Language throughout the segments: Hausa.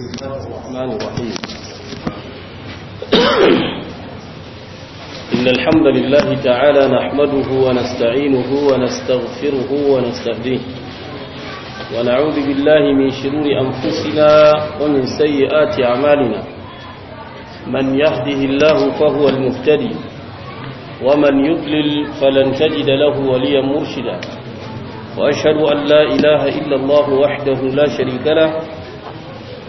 بسم الله الرحمن الرحيم إن الحمد لله تعالى نحمده ونستعينه ونستغفره ونستهديه ونعوذ بالله من شرور أنفسنا ومن سيئات أعمالنا من يهده الله فهو المهتدي ومن يضلل فلن تجد له وليا مرشدا وأشهد أن لا إله إلا الله وحده لا شريك له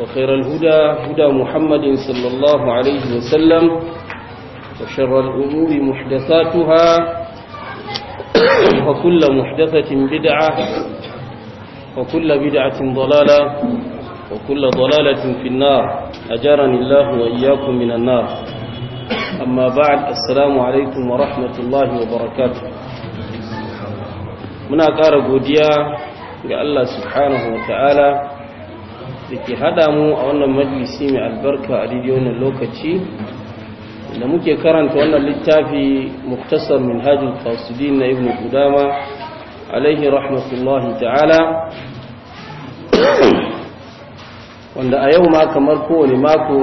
وخير الهدى هدى محمد صلى الله عليه وسلم وشر الأمور محدثاتها وكل محدثة بدعة وكل بدعة ضلالة وكل ضلالة في النار أجارني الله وإياكم من النار أما بعد السلام عليكم ورحمة الله وبركاته muna ƙara godiya ga Allah subhanahu wa ta'ala da ke hada mu a wannan majalisi mai albarka a daidai wannan lokaci da muke karanta wannan littafi muktasar min hajjul qasidin na ibn qudama alaihi rahmatullahi ta'ala wanda a yau ma kamar kowane mako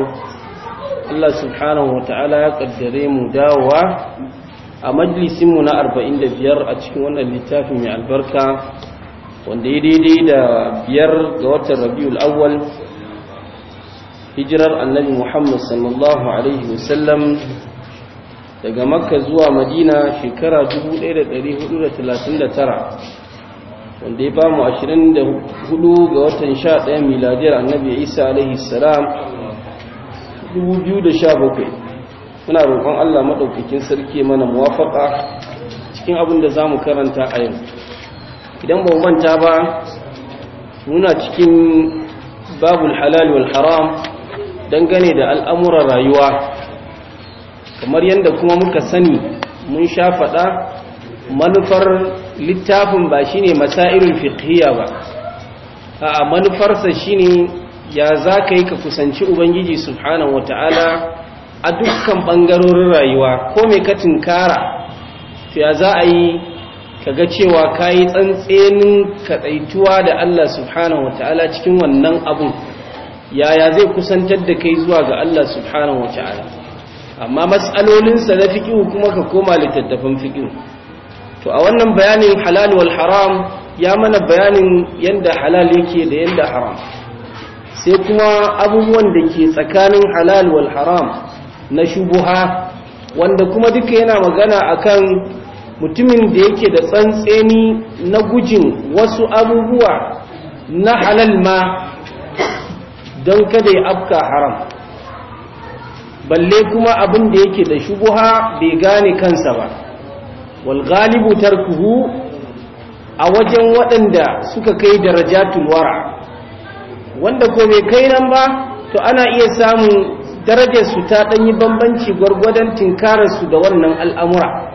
Allah subhanahu wa ta'ala ya kaddare mu dawowa a majalisinmu na 45 a cikin wannan littafi mai albarka wanda ya daidai da biyar ga watan rabiul awwal hijirar annabi muhammad sallallahu alaihi wasallam daga makka zuwa madina shekara 1439 wanda ya ba mu 24 ga watan 11 miladiyar annabi isa alaihi salam 2017 muna roƙon allah maɗaukakin sarki mana muwafaƙa cikin abin da za mu karanta a yau idan ba manta ba muna cikin babul halal wal haram dangane da al'amuran rayuwa kamar yadda kuma muka sani mun sha faɗa manufar littafin ba shine masailul fiqhiyya ba a manufarsa shine ya za ka yi ka kusanci ubangiji subhanahu wata'ala a dukkan ɓangarorin rayuwa ko mai ka tinkara ya za a yi Ka ga cewa ka yi tsantsenin kadaituwa da Allah subhanahu wataala cikin wannan abun yaya zai kusantar da kai zuwa ga Allah subhanahu wataala amma matsalolinsa na fiƙi kuma ka koma littattafan fiƙi to a wannan bayanin halal wal haram ya mana bayanin yadda halal yake da yadda haram sai kuma abubuwan da ke tsakanin halal wal haram na shubuha wanda kuma duka yana magana akan mutumin da yake da tsantseni na gujin wasu abubuwa na halal ma don kada ya afka haram balle kuma abin da yake da shubuha bai gane kansa ba wal galibu tarkuhu a wajen waɗanda suka kai darajatul wara wanda ko bai kai nan ba to ana iya samun darajarsu ta ɗanyi bambanci gwargwadon tinkararsu da wannan al'amura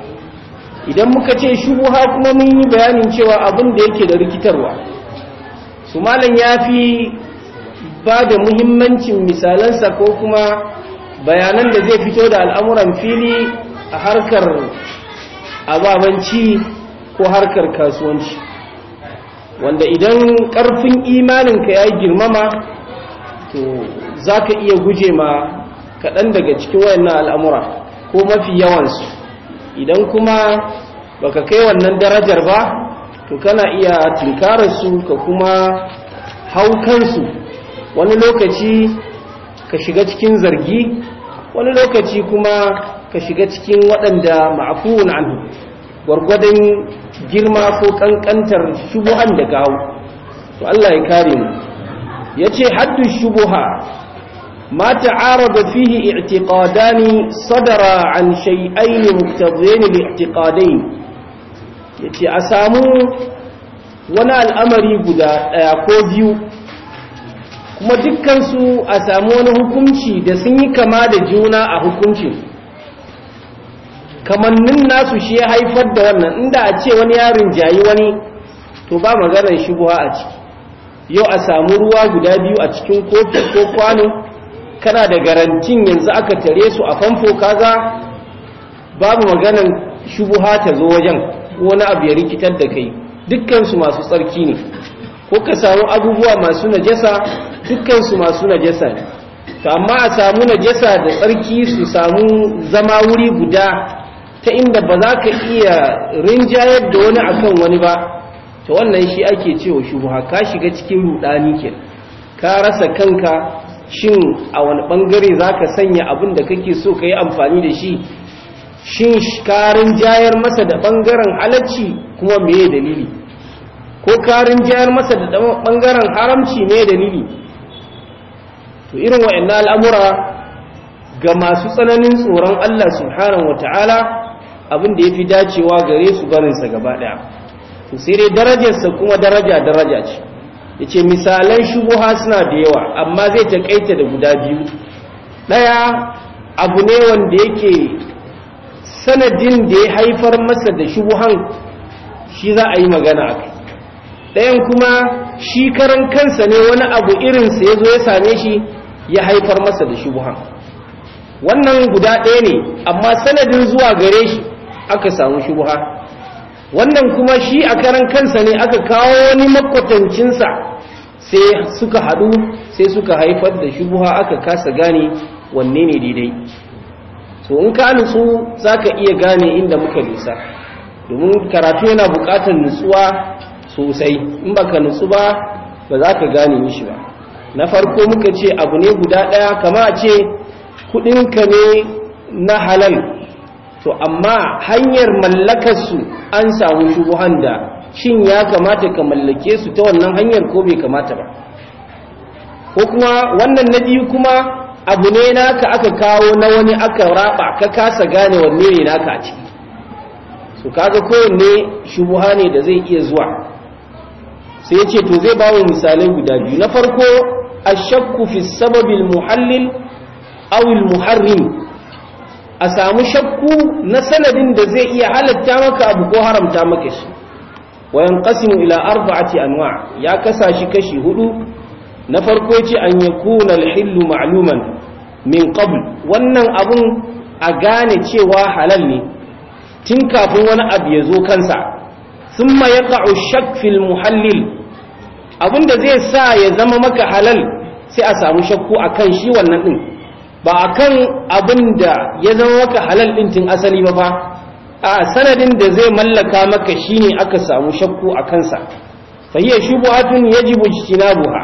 idan muka ce shubuha kuma mun yi bayanin cewa abin da yake da rikitarwa su malam ya fi ba da muhimmancin misalansa ko kuma bayanan da zai fito da al'amuran fili a harkar ababanci ko harkar kasuwanci wanda idan ƙarfin imaninka ya yi girmama to za ka iya guje ma kaɗan daga cikin wayannan al'amura ko mafi yawansu idan kuma baka kai wannan darajar ba to kana iya tunkararsu ka kuma hau kansu wani lokaci ka shiga cikin zargi wani lokaci kuma ka shiga cikin waɗanda ma'afuwun anhu gwargwadon girma ko ƙanƙantar shubuhan da gawo to Allah ya kare mu ya ce haddun shubuha ما تعارض فيه اعتقادان صدر عن شيئين مقتضيين لاعتقادين yace a samu wani al'amari guda ɗaya ko biyu kuma dukkansu a samu wani hukunci da sun yi kama da juna a hukuncin kamannin nasu shi ya haifar da wannan inda a ce wani yarin jayi wani to ba maganar shigowa a ciki yau a samu ruwa guda biyu a cikin kofi ko kwano kana da garantin yanzu aka tare su a famfo kaza babu maganan shubuha ta zo wajen wani abu ya rikitar da kai dukkansu masu tsarki ne ko ka samu abubuwa masu najasa dukkansu masu najasa ne to amma a samu najasa da tsarki su samu zama wuri guda ta inda ba za ka iya rinjayar da wani akan wani ba ta wannan shi ake cewa shubuha ka shiga cikin rudani ke ka rasa kanka shin a wani bangare za ka sanya abin da kake so ka yi amfani da shi shin karin jayar masa da bangaren halacci kuma meye dalili ko karin jayar masa da bangaren haramci meye dalili to irin wa'annan al'amura ga masu tsananin tsoron Allah subhanahu wata'ala abin da ya fi dacewa gare su barinsa gaba ɗaya to sai dai darajarsa kuma daraja daraja ce yace misalan shubuha suna da yawa amma zai takaita da guda biyu Ɗaya abu ne wanda yake sanadin da ya haifar masa da shubuhan shi za a yi magana a kai ɗayan kuma shi karan kansa ne wani abu irinsa ya zo ya same shi ya haifar masa da shubuhan wannan guda ɗaya ne amma sanadin zuwa gare shi aka samu shubuha wannan kuma shi a karan kansa ne aka kawo wani makwatancinsa sai suka haɗu sai suka haifar da shubuha aka kasa gane wanne ne daidai so in ka nutsu za ka iya gane inda muka nisa domin karatu yana buƙatar nutsuwa sosai in ba ka nutsu ba ba za ka gane mishi ba na farko muka ce abu ne guda ɗaya kama a ce kuɗinka ne na halal to amma hanyar mallakarsu an samu shubuhan da shin ya kamata ka mallake su ta wannan hanyar ko bai kamata ba ko kuma wannan na biyu kuma abu ne naka aka kawo na wani aka raba ka kasa gane wanne ne naka a ciki su kaga kowanne shubuha ne da zai iya zuwa sai ya ce to zai bawa misalai guda biyu na farko ashakku fi sababil muhallil awil muharrim a samu shakku na sanadin da zai iya halatta maka abu ko haramta maka shi wayan qasimu ila arba'ati anwa ya kasa shi kashi hudu na farko ce an yakuna al-hillu ma'luman min qabl wannan abun a gane cewa halal ne tun kafin wani abu ya zo kansa thumma yaqa'u shakk fil muhallil abinda zai sa ya zama maka halal sai a samu shakku akan shi wannan din ba a kan abin da ya zama maka halal ɗin tun asali ba fa a sanadin da zai mallaka maka shi ne aka samu shakku a kansa ji hiya shubuhatun buha?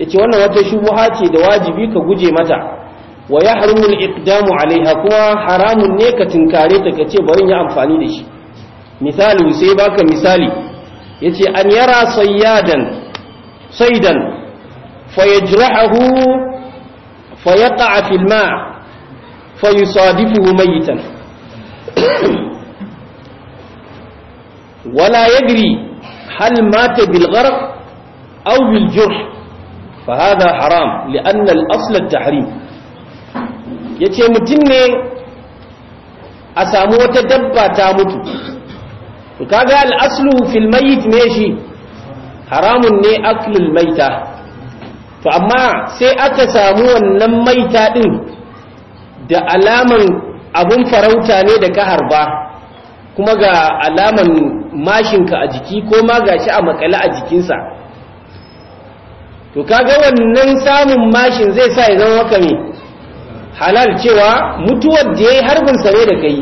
Ya ce wannan wata shubuha ce da wajibi ka guje mata wa yahrumu ikdamu iqdamu alaiha kuma haramun ne ka tinkare ta ka ce barin ya amfani da shi misali sai baka misali Ya yace an yara sayyadan saydan fayajrahu فيقع في الماء فيصادفه ميتا ولا يدري هل مات بالغرق أو بالجرح فهذا حرام لأن الأصل التحريم yace mutum ne a samu wata dabba ta mutu to kaga al'aslu fil mayyit ne shi haramun ne aklul maita to amma sai aka samu wannan maita ɗin da alaman abun farauta ne da ka harba kuma ga alaman mashinka a jiki ko ma shi a makale a jikinsa to kaga wannan samun mashin zai sa ya zama maka me halal cewa mutuwar da ya yi harbin sare da kai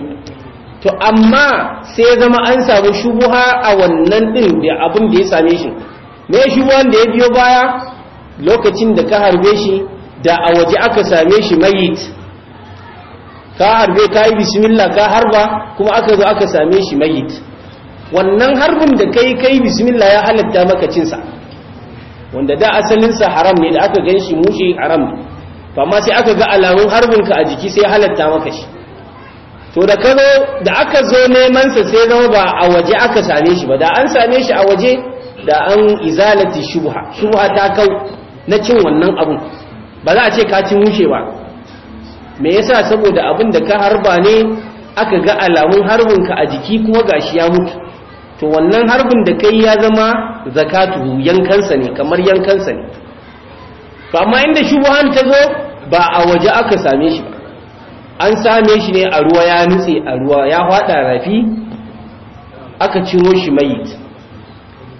to amma sai ya zama an samu shubuha a wannan ɗin da abin da ya same shi me shubuhan da ya biyo baya lokacin da ka harbe shi da a waje aka same shi mayit ka harbe ka yi bismillah ka harba kuma aka zo aka same shi mayit wannan harbin da kai kai bismillah ya halatta maka cinsa wanda da asalinsa haram ne da aka gan shi mushi haram ne amma sai aka ga alamun harbin ka a jiki sai halatta maka shi to da ka da aka zo neman sa sai zama ba a waje aka same shi ba da an same shi a waje da an izalati shubha shubha ta kau na cin wannan abun ba za a ce ka ci mushe ba me yasa saboda abin da ka harba ne aka ga alamun harbinka a jiki kuma shi ya mutu to wannan harbin da kai ya zama zakatu yankansa ne kamar yankansa ne to amma inda shubuhan ta zo ba a waje aka same shi ba an same shi ne a ruwa ya nutse a ruwa ya hada rafi aka ciro shi mayit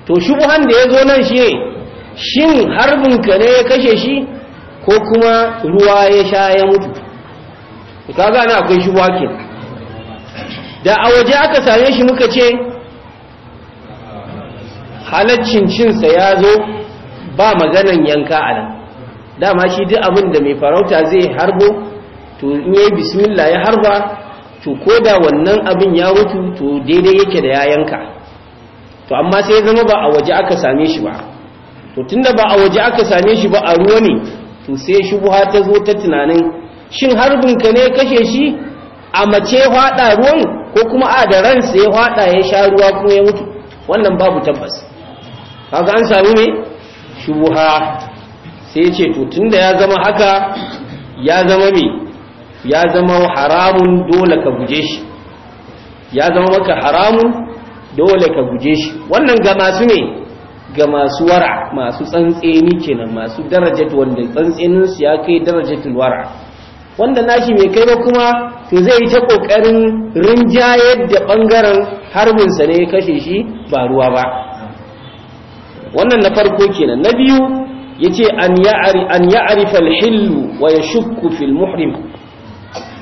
to shubuhan da ya zo nan shi ne shin harbinka ne ya kashe shi ko kuma ruwa ya sha ya mutu ka gane akwai shi wake da a waje aka same shi muka ce halaccin cinsa ya zo ba maganan yanka a dama shi duk abin da mai farauta zai harbo to in bismillah ya harba to ko da wannan abin ya mutu to daidai yake da ya yanka to amma sai zama ba a waje aka same shi ba to tunda ba a waje aka same shi ba a ruwa ne to sai shubuha ta zo ta tunanin shin harbin ka ne kashe shi a mace hada ruwan ko kuma a da ran ya hada ya sha ruwa kuma ya mutu wannan babu tabbas kaga an sami ne shubuha sai ce to tunda ya zama haka ya zama me ya zama haramun dole ka guje shi ya zama maka haramun dole ka guje shi wannan ga masu ne ga masu wara masu tsantseni kenan masu darajat wanda tsantsenin su ya kai darajatul wara wanda nashi mai kai ba kuma to zai yi ta kokarin rinjayar da bangaren harbin sa ne kashe shi ba ruwa ba wannan na farko kenan na biyu yace an ya'ari an ya'rifa al-hill wa yashukku fil muhrim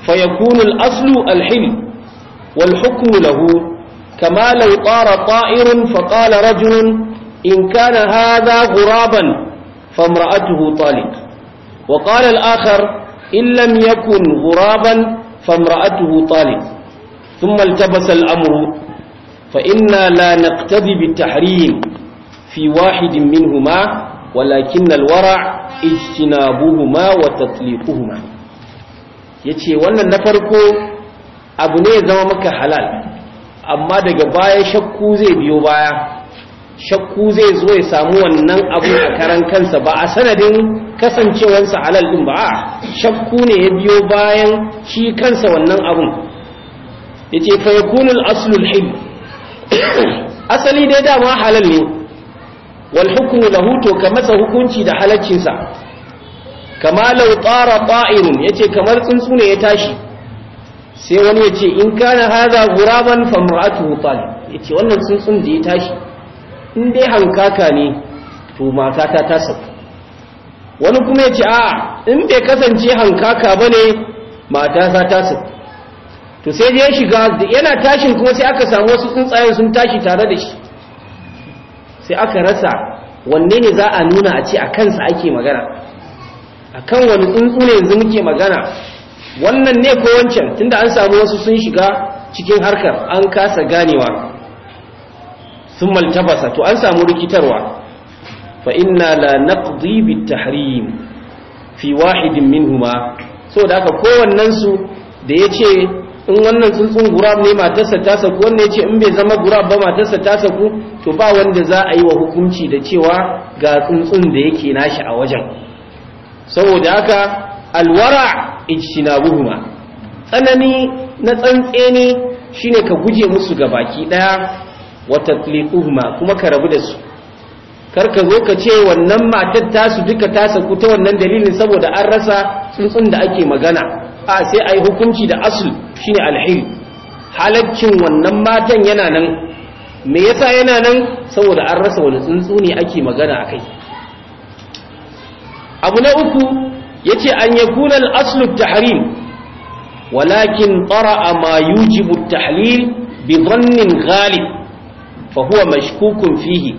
fa yakunu al-aslu al-hill wal hukmu lahu kama law tara ta'irun fa qala rajulun إن كان هذا غرابا فامرأته طالق وقال الآخر إن لم يكن غرابا فامرأته طالق ثم التبس الأمر فإنا لا نقتدي بالتحريم في واحد منهما ولكن الورع اجتنابهما وتطليقهما yace wannan na farko abu ne ya zama maka halal amma daga baya shakku zai biyo baya shakku zai zo ya samu wannan abu a karan kansa ba a sanadin kasancewarsa halal din ba shakku ne ya biyo bayan shi kansa wannan abun ya ce fa yakunu al-aslul hil asali dai dama halal ne wal hukmu lahu ka masa hukunci da halaccinsa kama law tara ya yace kamar tsuntsu ne ya tashi sai wani yace in kana haza guraban fa mar'atuhu Ya ce wannan tsuntsun da ya tashi in dai hankaka ne to matata ta sauka wani kuma ya ce a in bai kasance hankaka ba ne matata ta sauka to sai ya shiga yana tashin kuma sai aka samu wasu tsuntsayen sun tashi tare da shi sai aka rasa wanne ne za a nuna a ce a kansa ake magana a kan wani tsuntsu ne yanzu muke magana wannan ne ko wancan tunda an samu wasu sun shiga cikin harkar an kasa ganewa sun maltabasa to an samu rikitarwa fa inna la naqdi bit tahrim fi wahidin minhuma saboda haka kowannen su da yace in wannan tsuntsun gurab ne matarsa ta saku wannan yace in bai zama gurab ba matarsa ta saku to ba wanda za a yi wa hukunci da cewa ga tsuntsun da yake nashi a wajen saboda haka alwara ijtinabuhuma tsanani na tsantseni shine ka guje musu ga baki daya Wata tatliquhuma kuma ka rabu da su kar ka zo ka ce wannan matar tasu duka ta saku ta wannan dalilin saboda an rasa tsuntsun da ake magana a sai ayi hukunci da asul shine alhil halaccin wannan matan yana nan me yasa yana nan saboda an rasa wani tsuntsu ne ake magana akai abu na uku yace an yakuna al-aslu tahrim walakin a ma yujibu tahlil bi zannin ghalib fa mashkukun fihi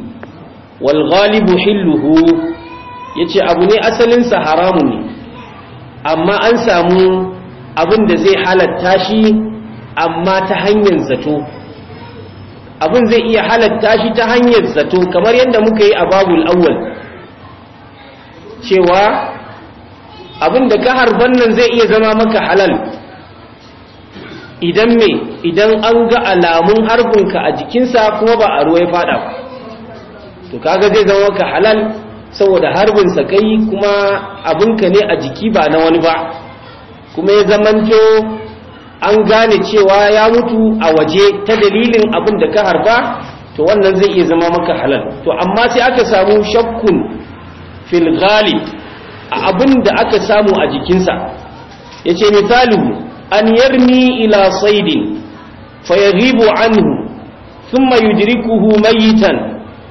wal hiluhu hilluhu yace abu ne asalin sa ne amma an samu abin da zai halatta shi amma ta hanyar zato abin zai iya halatta shi ta hanyar zato kamar yadda muka yi a babul awwal cewa abin da ka harban nan zai iya zama maka halal idan me idan an ga alamun ka a jikinsa kuma ba a ruwa ya fada ba to kaga zai zama ka halal saboda harbinsa kai kuma abinka ne a jiki ba na wani ba kuma ya zamanto an gane cewa ya mutu a waje ta dalilin abin da ka harba to wannan zai iya zama maka halal to amma sai aka samu shakkun fil ghalib a abin da aka samu a jikinsa yace ce misalihu أن يرمي إلى صيد فيغيب عنه ثم يدركه ميتا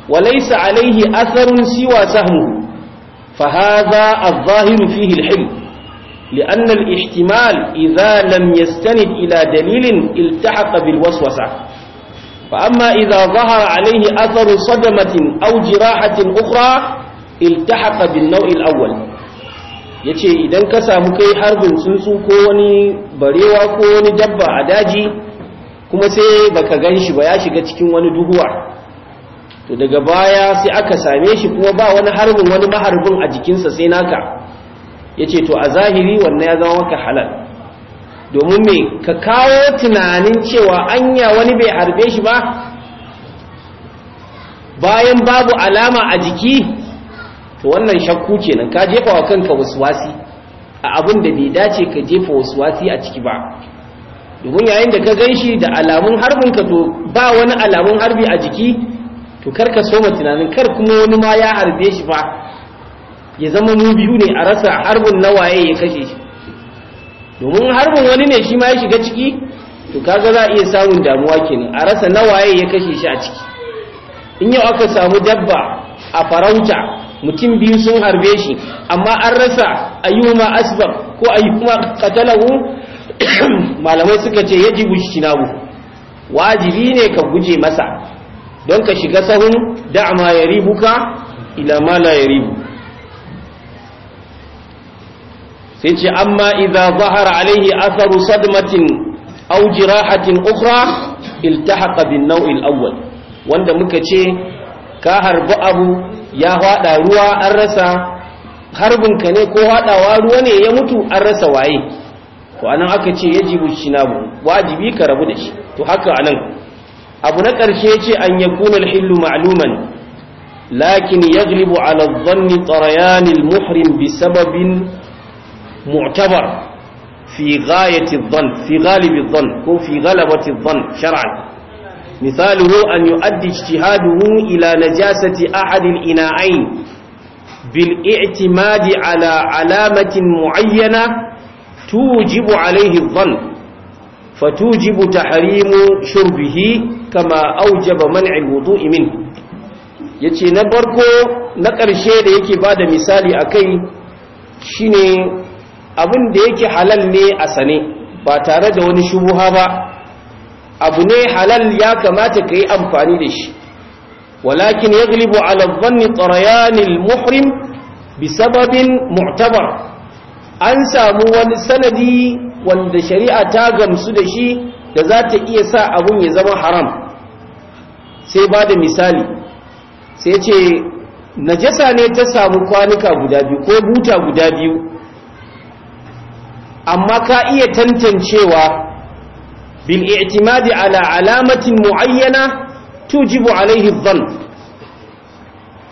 وليس عليه أثر سوى سهمه فهذا الظاهر فيه الحلم لأن الاحتمال إذا لم يستند إلى دليل التحق بالوسوسة فأما إذا ظهر عليه أثر صدمة أو جراحة أخرى التحق بالنوع الأول ya ce idan ka samu kai harbin tsuntsu ko wani barewa ko wani dabba a daji kuma sai baka gan shi ba ya shiga cikin wani duhuwa to daga baya sai aka same shi kuma ba wani harbin wani maharbin a jikinsa sai naka ya ce to a zahiri wannan ya zama maka halal domin mai ka kawo tunanin cewa anya wani bai harbe shi ba bayan babu alama a jiki to wannan shakku kenan ka jefa wa kanka waswasi a abin da bai dace ka jefa waswasi a ciki ba domin yayin da ka gan shi da alamun harbin ka to ba wani alamun harbi a jiki to kar ka soma tunanin kar kuma wani ma ya harbe shi ba. ya zama mu biyu ne a rasa harbin na waye ya kashe shi domin harbin wani ne shi ma ya shiga ciki to kaga za a iya samun damuwa kenan a rasa na waye ya kashe shi a ciki in yau aka samu dabba a farauta mutum biyu sun harbe shi amma an rasa ma asbab ko ayyuma qatalahu malamai suka ce yajibu shinabu wajibi ne ka guje masa don ka shiga sahun da'ama yaribuka ila ma la ribu. sai ce amma iza zahara alaihi asaru sadmatin aw jirahatin ukhra iltahaqa bin naw'il awwal wanda muka ce ka harbi abu ya hada ruwa an rasa harbinka ne ko hadawa ruwa ne ya mutu an rasa waye to anan aka ce yajibu shinabu wajibi ka rabu da shi to haka anan abu na ƙarshe ce an yakuna al-hillu ma'luman lakin yaglibu ala adh-dhanni tarayan al-muhrim bi sababin mu'tabar fi ghayati adh-dhann fi ghalibi adh-dhann ko fi ghalabati adh-dhann shar'an misaluhu an yu'addi ijtihaduhu ila najasati ahadil ina'ain bil i'timadi ala alamatin muayyana tujibu alayhi dhann فتوجب تحريم شربه كما أوجب منع الوضوء منه yace na barko na ƙarshe da yake ba da misali a kai shine abin da yake halal ne a sane ba tare da wani shubuha ba abu ne halal ya kamata ka yi amfani da shi walakin ya galibu alabbanni tsarayanil muhrim bisababin mu'tabar an samu wani sanadi wanda shari'a ta gamsu da shi da za ta iya sa abun ya zama haram sai ba da misali sai ce najasa ne ta samu kwanuka guda biyu ko buta guda biyu amma ka iya tantancewa بالاعتماد على علامة معينة توجب عليه الظن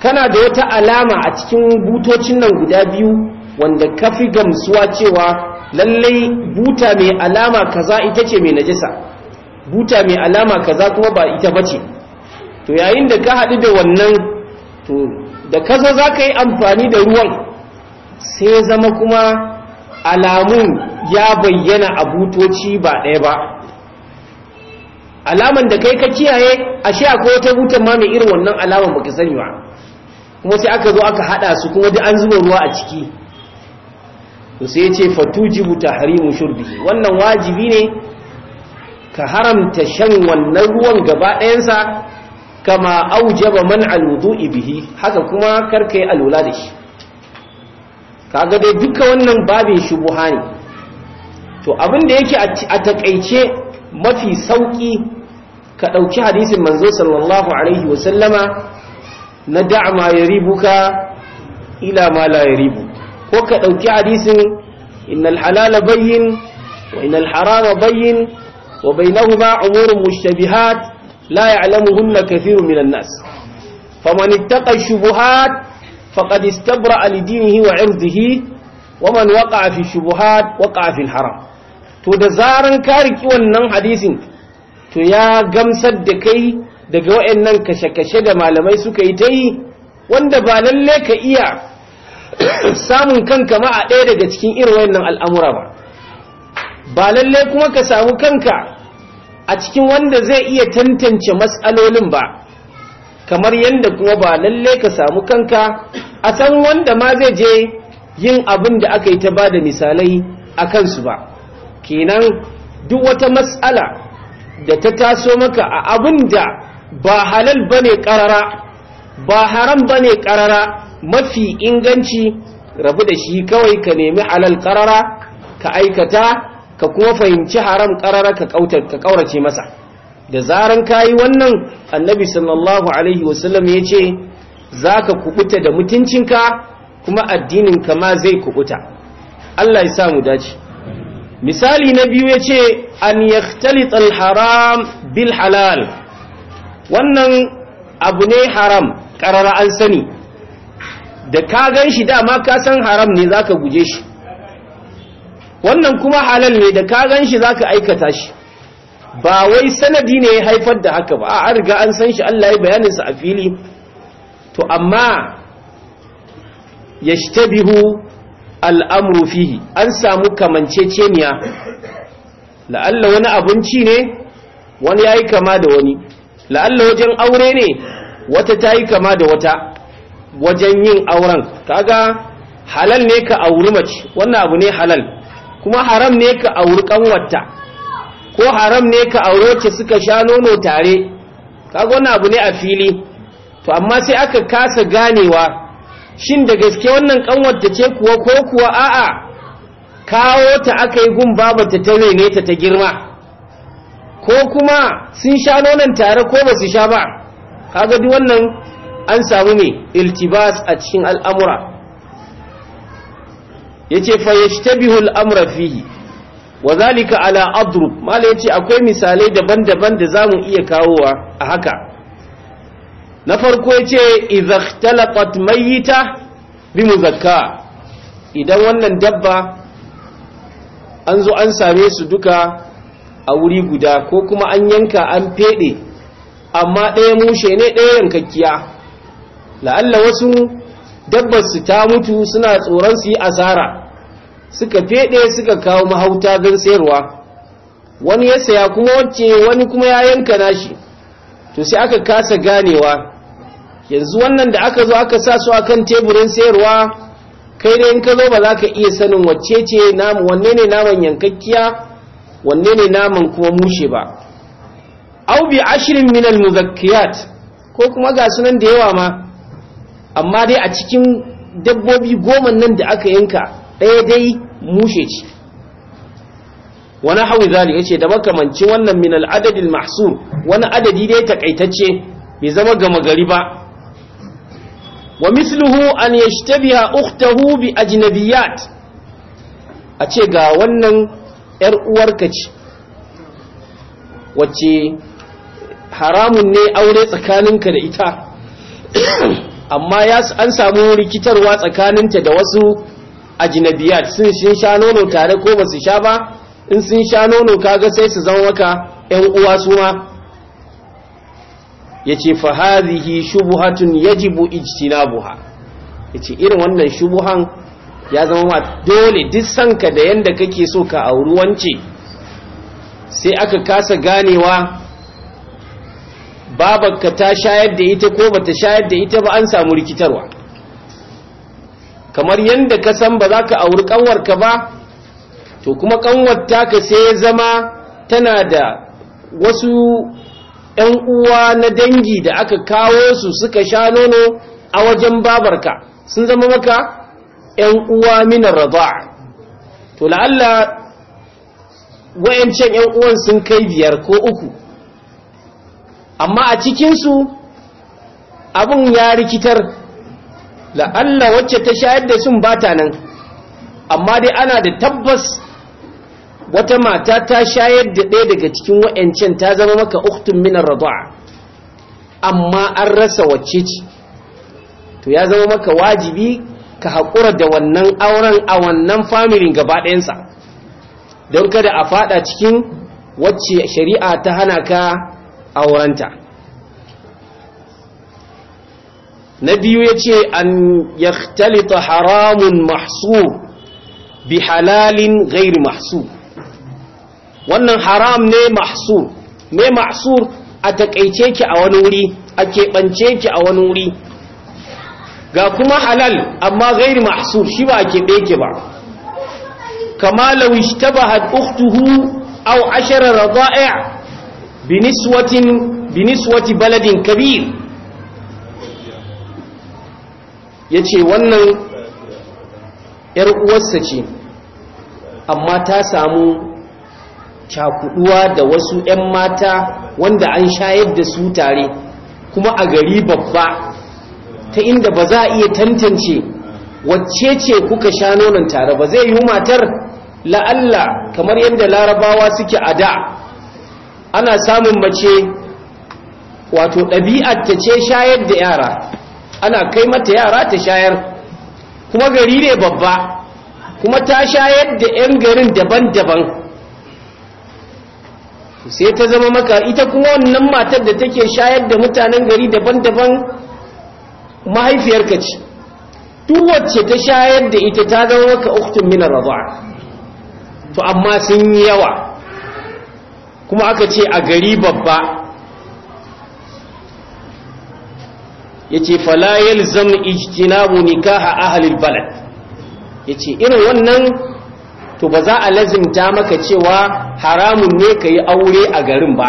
kana da wata alama a cikin butocin nan guda biyu wanda ka fi gamsuwa cewa lallai buta mai alama kaza ita ce mai najasa buta mai alama kaza kuma ba ita bace to yayin da ka haɗu da wannan to da kazo za ka yi amfani da ruwan sai zama kuma alamun ya bayyana a butoci ba ɗaya ba alaman da kai ka kiyaye ashe akwai wata butar ma mai irin wannan alaman baka sani ba kuma sai aka zo aka hada su kuma duk an zuba ruwa a ciki to sai yace fatujibu tahrimu shurbihi wannan wajibi ne ka haramta shan wannan ruwan gaba ɗayansa kama aujaba man alwudu'i bihi haka kuma karkai alwala da shi kaga dai duka wannan babin shubuha ne to abin da yake a takaice mafi sauki ka ɗauki hadisin manzo sallallahu alaihi wasallama na da'ama ya ribuka ila ma la ya ribu ko ka ɗauki hadisin innal halala bayin wa innal harama bayyin wa bainahuma umurin mushtabihat la hunna kafiru minan nas faman ittaqa shubuhat faqad istabra'a lidinihi wa 'irdihi wa man waqa'a fi shubuhat waqa'a fil haram to da zaran ka riki wannan hadisin to ya gamsar da kai daga waɗannan kashe-kashe da malamai suka yi ta yi wanda ba lalle ka iya samun kanka ma a ɗaya daga cikin irin wannan al'amura ba ba lalle kuma ka samu kanka a cikin wanda zai iya tantance matsalolin ba kamar yadda kuma ba lalle ka samu kanka a san wanda ma zai je yin abin da aka yi ta ba da misalai a kansu ba kenan duk wata matsala da ta taso maka a abin da ba halal ba ne ƙarara ba haram ba ne ƙarara mafi inganci rabu da shi kawai ka nemi halal ƙarara ka aikata ka kuma fahimci haram ƙarara ka ƙaurace masa da zaran kayi wannan annabi sallallahu alaihi wasallam ya ce za ka kubuta da mutuncinka kuma addininka ma zai kuɓuta? Allah ya samu dace misali na biyu ya ce an yaktalit haram bil halal wannan abu ne haram ƙarara an sani da ka gan shi dama ka san haram ne za ka guje shi wannan kuma halal ne da ka gan shi za ka aikata shi ba wai sanadi ne ya haifar da haka ba a riga an san shi Allah ya bayaninsa a fili to amma ya bihu al'amru fihi an samu kamance kamanceceniya la'alla wani abinci ne wani ya yi kama da wani la'alla wajen aure ne wata ta yi kama da wata wajen yin auren kaga halal ne ka auri mace wannan abu ne halal kuma haram ne ka auri kanwata ko haram ne ka auri wacce suka sha nono tare kaga wannan abu ne a fili to amma sai aka kasa ganewa shin da gaske wannan kanwarta ce kuwa ko kuwa a'a kawo ta aka yi gun babata ta rene ta ta girma ko kuma sun sha nonon tare ko ba su sha ba kaga duk wannan an samu mai iltibas a cikin al'amura yace fa yashtabihu al'amra fihi wa zalika ala adrub mala yace akwai misalai daban-daban da zamu iya kawowa a haka na farko ya ce yi ta bi mu zakka. idan wannan dabba an zo an same su duka a wuri guda ko kuma an yanka an fede amma ɗaya mushe ne ɗaya yankakkiya la'alla wasu dabbar su ta mutu suna tsoron su yi asara suka fede suka kawo mahauta don sayarwa wani ya saya kuma wacce wani kuma ya yanka nashi to sai aka kasa ganewa yanzu wannan da aka zo aka sa su akan teburin sayarwa kai dai in ka zo ba za ka iya sanin wacce ce namu wanne ne naman yankakkiya wanne ne naman kuma mushe ba au bi ashirin min al muzakkiyat ko kuma ga sunan da yawa ma amma dai a cikin dabbobi goma nan da aka yanka ɗaya dai mushe ce wani hawi zali ya ce da makamancin wannan min adadil mahsur wani adadi dai takaitacce bai zama gama gari ba wa misluhu an yashtabiha ukhtahu bi ajnabiyat a ce ga wannan yar uwarka ce wacce haramun ne aure tsakaninka da ita amma an samu rikitarwa tsakaninta da wasu ajnabiyat sun sun sha nono tare ko ba su sha ba in sun sha nono kaga sai su zama maka 'yan uwa su ma yace fa fahazihi shubuhatun yajibu ijtinabuha yace irin wannan shubuhan ya zama ma dole duk sanka da yadda kake so ka auri wance sai aka kasa ganewa babanka ta shayar da ita ko bata shayar da ita ba an samu rikitarwa kamar yadda ka san ba za ka auri kanwarka ba to kuma kanwar taka sai ya zama tana da wasu 'yan uwa na dangi da aka kawo su suka sha nono a wajen babarka sun zama maka 'yan uwa minar raba'a to la'alla wayancan 'yan uwan sun kai biyar ko uku amma a cikinsu abin ya rikitar la'alla wacce ta shayar da sun bata nan amma dai ana da tabbas wata mata ta shayar da ɗaya daga cikin wa'yancan ta zama maka uktun minar radu'a amma an rasa wacce ce to ya zama maka wajibi ka haƙura da wannan auren a wannan familin gaba ɗayansa don kada a faɗa cikin wacce shari'a ta hana ka aurenta na biyu ya ce an yaktalita haramun masu bi halalin gairi masu. wannan haram ne mahsur ne mahsur a takaice ki a wani wuri a keɓance ki a wani wuri ga kuma halal amma gairi mahsur shi ba a keɓe ki ba kama lawish ta ba haɗuktuhu au ashirar biniswatin biniswati baladin kabir yace wannan ‘yar uwarsa ce amma ta samu cakuduwa da wasu 'yan mata wanda an shayar da su tare kuma a gari babba ta inda ba za a iya tantance wacce ce kuka sha nonon tare ba zai yi matar la'alla kamar yadda larabawa suke a da ana samun mace wato ɗabi'ar ta ce shayar da yara ana kai mata yara ta shayar kuma gari ne babba kuma ta shayar da 'yan garin daban-daban sai ta zama maka ita kuma wannan matar da take shayar da mutanen gari daban-daban mahaifiyarka ce duk wacce ta shayar da ita ta zama maka uktun minar raza to amma sun yi yawa kuma aka ce a gari babba ya ce falayel zam ijtinabu nikaha ahalil balad ya ce irin wannan to ba za a lazimta maka cewa haramun ne ka yi aure a garin ba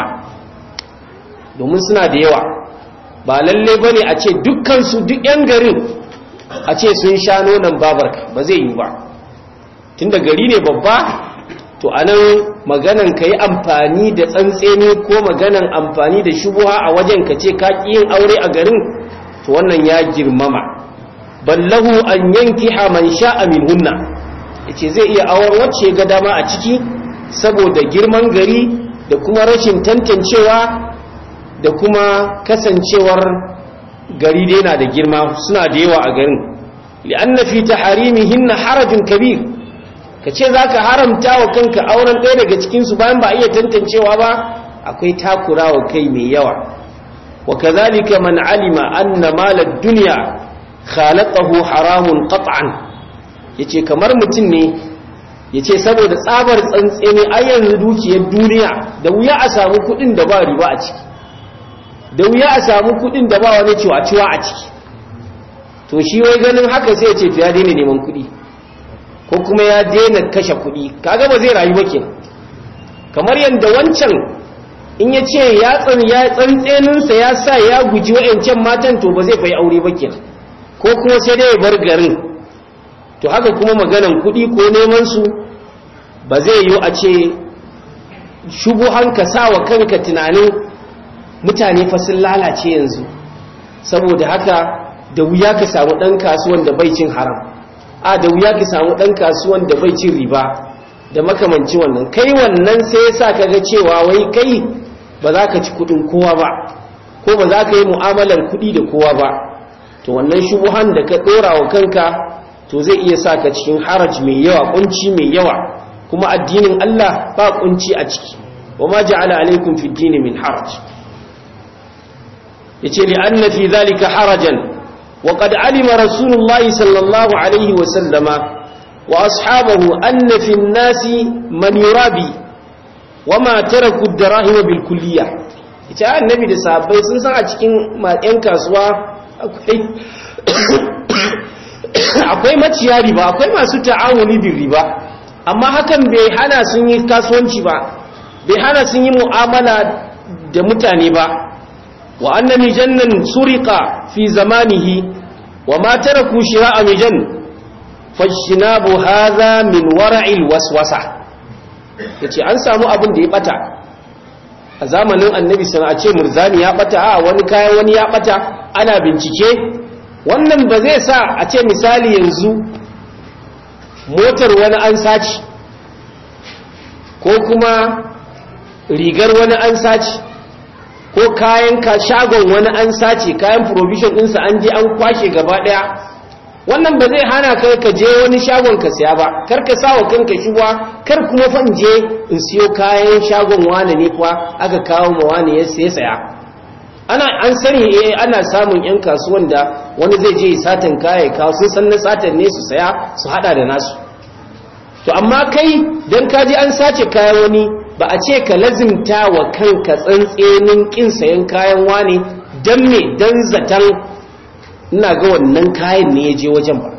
domin suna da yawa ba lalle ba ne a ce dukkansu duk 'yan garin a ce sun sha nonon babar ba zai yi ba tun da gari ne babba to a nan maganan ka yi amfani da tsantseni ko maganan amfani da shubuha a wajen ka ce ka yin aure a garin to wannan ya girmama ballahu an yanki man sha'a min hunna ce zai iya awar wacce ga dama a ciki saboda girman gari da kuma rashin tantancewa da kuma kasancewar gari da yana da girma suna da yawa a garin li'anna fi taharimihinna harajin kabir za zaka haramta wa kanka auren ɗaya daga cikin su bayan ba iya tantancewa ba akwai takura wa kai mai yawa wa kazalika man alima anna malad dunya tsaho haramun qat'an yace kamar mutum ne yace saboda tsabar tsantsene a yanzu dukiyar duniya da wuya a samu kudin da ba riba a ciki da wuya a samu kudin da ba wani ciwa ciwa a ciki to shi wai ganin haka sai ya ce to ya daina neman kudi ko kuma ya daina kashe kudi kaga ba zai rayu ba kamar yadda wancan in ya ce ya tsantseninsa ya sa ya guji wa'yancan matan to ba zai fai aure ba ko kuma sai dai bar garin to haka kuma maganan kuɗi ko neman su ba zai yi a ce shubuhan ka sa wa kanka tunanin mutane fasin lalace yanzu saboda haka da wuya ka samu ɗan kasuwan da bai cin haram a da wuya ka samu ɗan kasuwan da bai cin riba da makamanci wannan kai wannan sai ya sa kaga cewa wai kai ba za ka ci kuɗin kowa ba ko ba za ka yi mu'amalar kuɗi da kowa ba to wannan shubuhan da ka ɗora wa kanka to zai iya sa ka cikin haraj mai yawa kunci mai yawa kuma addinin Allah ba kunci a ciki wa ma ja'ala alaikum fi dini min haraj yace li anna fi dhalika harajan wa qad alima rasulullahi sallallahu alaihi wa sallama Nasi أن wa الناس من يرابي وما تركوا الدراهم بالكلية ita annabi da sahabbai sun san a cikin 'yan kasuwa akwai akwai maciya riba akwai masu ta'awuni bin riba amma hakan bai hana sun yi kasuwanci ba bai hana sun yi mu'amala da mutane ba wa anna mijannan suriqa fi zamanihi wa ma taraku shira'a mijan fashinabu hadha min wara'il waswasa yace an samu abin da ya bata a zamanin annabi sana a ce murzani ya bata a wani kayan wani ya bata ana bincike wannan ba zai sa a ce misali yanzu motar wani an saci ko kuma rigar wani an saci ko kayan shagon wani an sace kayan provision ɗinsa an je an kwashe gaba ɗaya wannan ba zai hana kai ka je wani shagon ka siya ba kar ka wa kanka shuwa kar kuma fan je in siyo kayan shagon wane ne kuwa aka kawo ma wane ya siya saya ana an sani eh ana samun yan kasuwan da wani zai je satan kaya ka sun san na satan ne su saya su hada da nasu to amma kai dan ka ji an sace kayan wani ba a ce ka lazimta wa kanka tsantsenin kin sayan kayan wani dan me dan zatan ina ga wannan kayan ne ya je wajen ba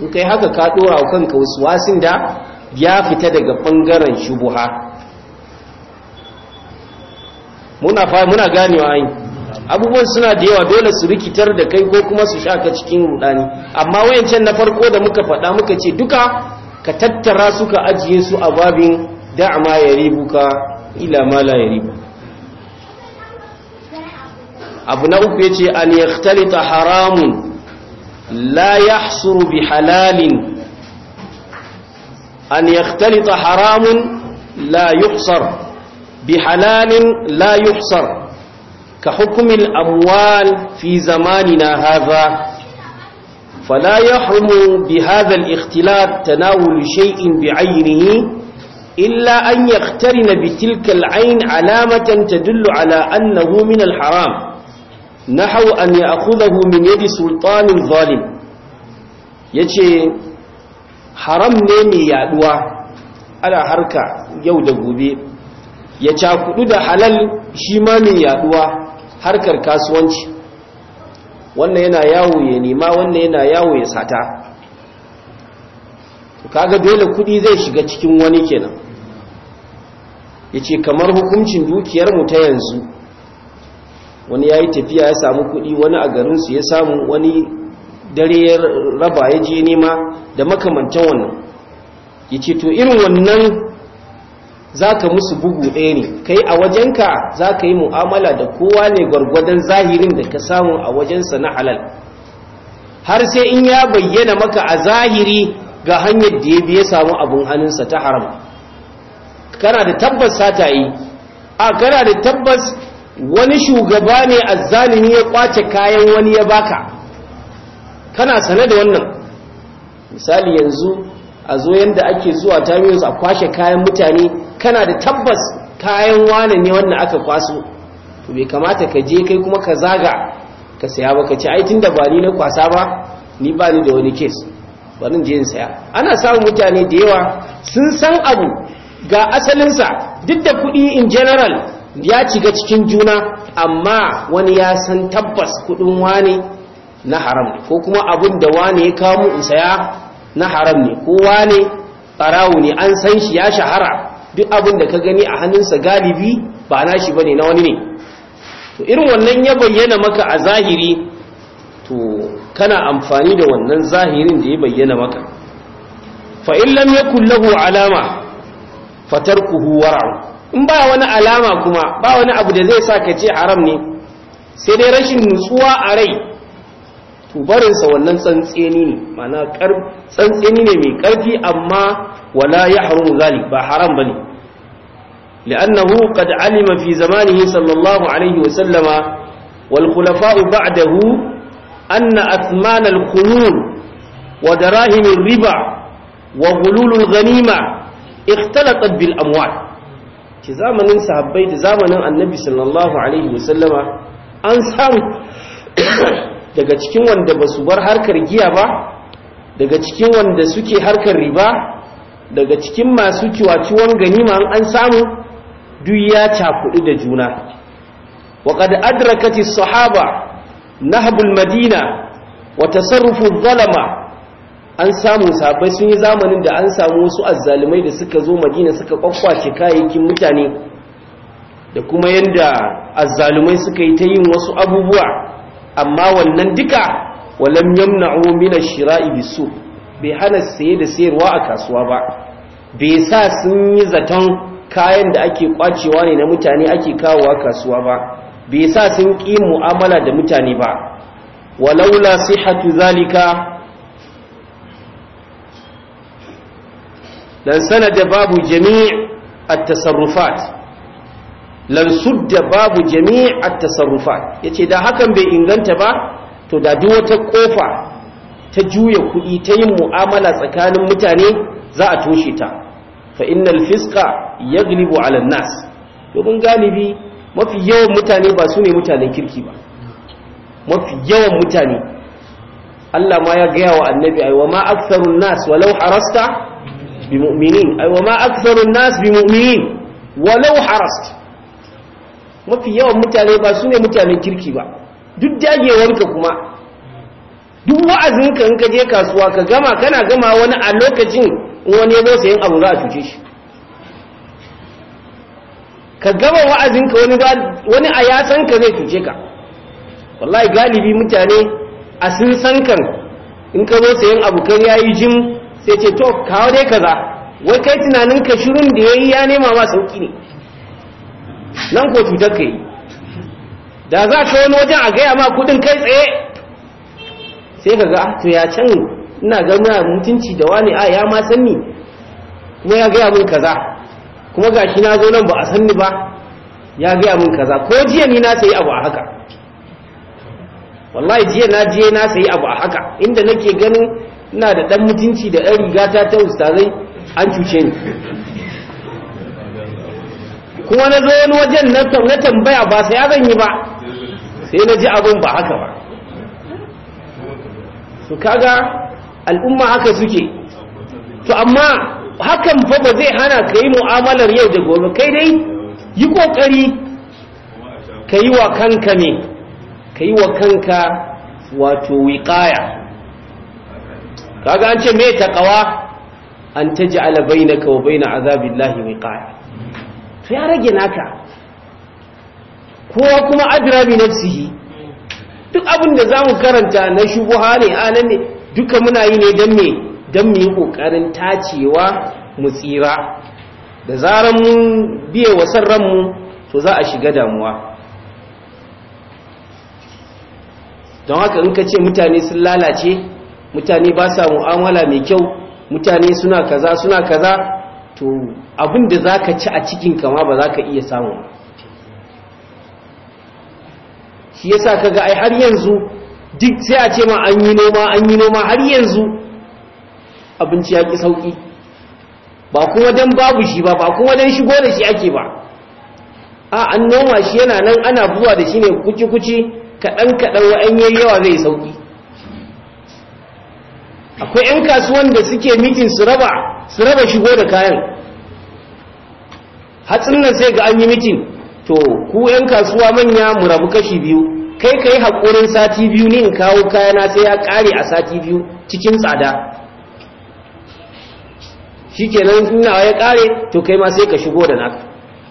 in kai haka ka dora wa kanka wasu wasin da ya fita daga bangaren shubuha muna muna ganewa ai abubuwan suna da yawa dole su rikitar da kai ko kuma su shaka cikin rudani amma wayancan na farko da muka faɗa muka ce duka ka tattara su ka ajiye su a babin da'ama ya ribuka ila ma ya ribu abu na uku yace an yakhtalita haramun la yahsuru bi halalin an haramun la yuhsar bi halalin la yuhsar ka hukumin amwal fi zamani na haza fala ya hurmu bi hazan ikhtilat ta na'ul shai'in bi ainihi illa an ya ƙtari na bitil kal'ain alamatan ta dullu ala annahu min alharam na hau an ya akudahu min yadi sultanin zalim ya ce haram ne mai yaduwa ala harka yau da gobe ya cakudu da halal shi ma mai yaduwa harkar kasuwanci wannan yana yawo ya nema wannan yana yawo ya sata kaga dole kudi zai shiga cikin wani kenan yace kamar hukuncin dukiyar mu ta yanzu wani yayi tafiya ya samu kudi wani a garin su ya samu wani dare ya raba ya je nema da makamantan wannan yace to irin wannan za ka musu bugu ɗaya ne kai a wajenka za ka yi mu'amala da kowa ne gwargwadon zahirin da ka samu a wajensa na halal har sai in ya bayyana maka a zahiri ga hanyar da ya biya samu abin hannunsa ta haram kana da tabbas sata yi a kana da tabbas wani shugaba ne a azzalimi ya kwace kayan wani ya baka kana sane da wannan misali yanzu a zo yadda ake zuwa tamiyoyinsu a kwashe kayan mutane kana da tabbas kayan wane ne wanda aka kwaso to bai kamata ka je kai kuma ka zaga ka saya ba ka ce ai tunda ba ni na kwasa ba ni ba ni da wani kes barin je in saya ana samun mutane da yawa sun san abu ga asalinsa duk da kuɗi in general ya ciga cikin juna amma wani ya san tabbas kuɗin wane na haram ko kuma abin da wane ya kawo mu in saya na haram ne kowa ne ɓarawo ne an san shi ya shahara duk abin da ka gani a hannunsa galibi ba na shi ba ne na wani ne to irin wannan ya bayyana maka a zahiri to kana amfani da wannan zahirin da ya bayyana maka in lam ya kullahu alama fatar kuhu wara'u in ba wani alama kuma ba wani abu da zai sa ka ce haram ne sai dai rashin nutsuwa a rai to barinsa wannan tsantseni ne mana tsantseni ne mai ƙarfi amma wala ya haramu zalik ba haram ba ne li'annahu qad alima fi zamanihi sallallahu alaihi wa sallama wal khulafa'u ba'dahu anna athman al khulul wa darahim al riba wa ghulul al ghanima ikhtalatat bil amwal ki zamanin sahabbai da zamanin annabi sallallahu alaihi wa sallama an samu daga cikin wanda ba su bar harkar giya ba daga cikin wanda suke harkar riba daga cikin masu kiwaciwon ganima an samu duk ya cakudu da juna وقد أدركت الصحابة madina wata وتصرف zalama an samu sabai sun yi zamanin da an samu wasu azzalumai da suka zo madina suka kwakwace kayayyakin mutane da kuma yadda azzalumai suka yi ta yin wasu abubuwa amma wannan duka walam yamna'u min ash-shira'i bai hana saye da sayarwa a kasuwa ba bai sa sun yi zaton kayan da ake kwacewa ne na mutane ake kawowa kasuwa ba bai sa sun ƙi mu'amala da mutane ba walaula sihhatu zalika dan sanada babu jami' at-tasarrufat da babu jami'a ta sarrufa. Ya ce da hakan bai inganta ba to da duk wata kofa ta juya kuɗi ta yin mu'amala tsakanin mutane za a toshe ta fa innal fiska yaglibu ala nas domin galibi mafi yawan mutane ba su ne mutanen kirki ba mafi yawan mutane Allah ma ya gaya wa annabi aiwa ma aktharun nas walau harasta bi mu'minin aiwa ma aktharun nas bi mu'minin walau harasta mafi yawan mutane ba su ne mutanen kirki ba duk dagewarka kuma duk wa'azinka in ka je kasuwa ka gama kana gama wani a lokacin wani ya zo sayan abu za a cuce shi ka gama wa'azinka wani a ya san ka zai cuce ka wallahi galibi mutane a sun san kan in ka zo sayan abu kan yayi jin sai ce to kawo dai kaza wai kai tunanin ka shirin da yi ya nema ma sauki ne nan ko cutar ka yi da za ka wani wajen a gaya ma kudin kai tsaye sai ka ga ah, to ya can ina ga muna mutunci da wani a ya ma sanni kuma ya gaya min kaza kuma ga shi na zo nan ba a sanni ba ya gaya min kaza ko jiya ni na sayi abu a haka wallahi jiya na je na sayi abu a haka inda nake ganin ina da dan mutunci da ɗan rigata ta ustazai an cuce ni kuma na zo wani wajen na tambaya ba sai zan yi ba sai na ji abin ba haka ba su kaga al'umma haka suke to amma hakan fa ba zai hana ka yi mu'amalar yau da gobe kai dai yi kokari ka yi wa kanka ne ka yi wa kanka wato wiƙaya kaga an ce mai ƙawa? an ta ji alabai na kawabai na azabin lahi wiƙaya to ya rage naka kowa kuma adira bi nafsihi duk abin da mu karanta na shubuha ne anan ne duka muna yi ne don me dan mu yi kokarin tacewa mu tsira da zaran mun biye wa sarranmu to za a shiga damuwa don haka in ka ce mutane sun lalace mutane ba sa mu'amala mai kyau mutane suna kaza suna kaza to abin da za ka ci a cikin kama ba za ka iya samu shi yasa ga ai har yanzu duk sai a ce ma an yi noma an yi noma har yanzu abinci ya ƙi sauƙi ba kuma don babu shi ba ba kuma don shigo da shi ake ba a an noma shi yana nan ana buwa da shi ne kuci-kuci kaɗan-kaɗan wa'an yawa zai sauƙi akwai 'yan kasuwan da suke mitin su raba shigo da kayan hatsin nan sai ga an yi mitin to ku 'yan kasuwa manya mu rabu kashi biyu kai ka yi haƙurin sati biyu ni in kawo kayana sai ya ƙare a sati biyu cikin tsada shi kenan nawa ya ƙare to kai ma sai ka shigo da naka